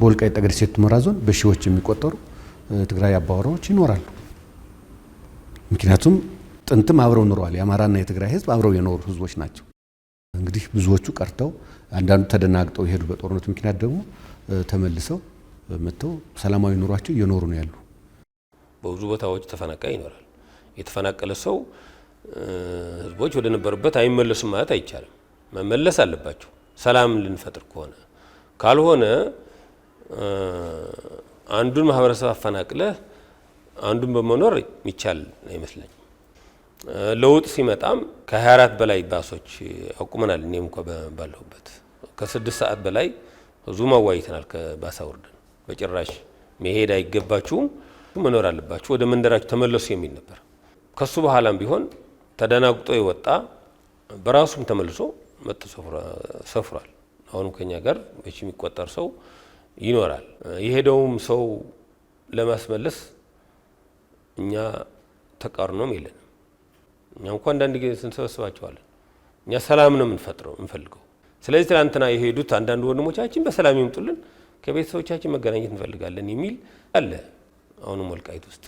በወልቃይት ጠገዴ ሰቲት ሁመራ ዞን በሺዎች የሚቆጠሩ ትግራይ አባወራዎች ይኖራሉ። ምክንያቱም ጥንትም አብረው ኑረዋል። የአማራና የትግራይ ህዝብ አብረው የኖሩ ህዝቦች ናቸው። እንግዲህ ብዙዎቹ ቀርተው፣ አንዳንዱ ተደናግጠው የሄዱ በጦርነቱ ምክንያት ደግሞ ተመልሰው መጥተው ሰላማዊ ኑሯቸው እየኖሩ ነው ያሉ። በብዙ ቦታዎች ተፈናቃይ ይኖራል። የተፈናቀለ ሰው ህዝቦች ወደ ነበሩበት አይመለሱም ማለት አይቻልም። መመለስ አለባቸው ሰላም ልንፈጥር ከሆነ ካልሆነ አንዱን ማህበረሰብ አፈናቅለህ አንዱን በመኖር የሚቻል አይመስለኝ። ለውጥ ሲመጣም ከ24 በላይ ባሶች አቁመናል። እኔም እንኳ ባለሁበት ከስድስት ሰዓት በላይ ህዝቡም አዋይተናል። ከባሳ ወርደን በጭራሽ መሄድ አይገባችሁም፣ መኖር አለባችሁ፣ ወደ መንደራችሁ ተመለሱ የሚል ነበር። ከሱ በኋላም ቢሆን ተደናግጦ የወጣ በራሱም ተመልሶ መጥቶ ሰፍሯል። አሁንም ከኛ ጋር በች የሚቆጠር ሰው ይኖራል። የሄደውም ሰው ለማስመለስ እኛ ተቃርኖም የለንም። እኛ እንኳ አንዳንድ ጊዜ ስንሰበስባቸዋለን። እኛ ሰላም ነው የምንፈጥረው የምንፈልገው። ስለዚህ ትናንትና የሄዱት አንዳንድ ወንድሞቻችን በሰላም ይምጡልን፣ ከቤተሰቦቻችን መገናኘት እንፈልጋለን የሚል አለ አሁንም ወልቃይት ውስጥ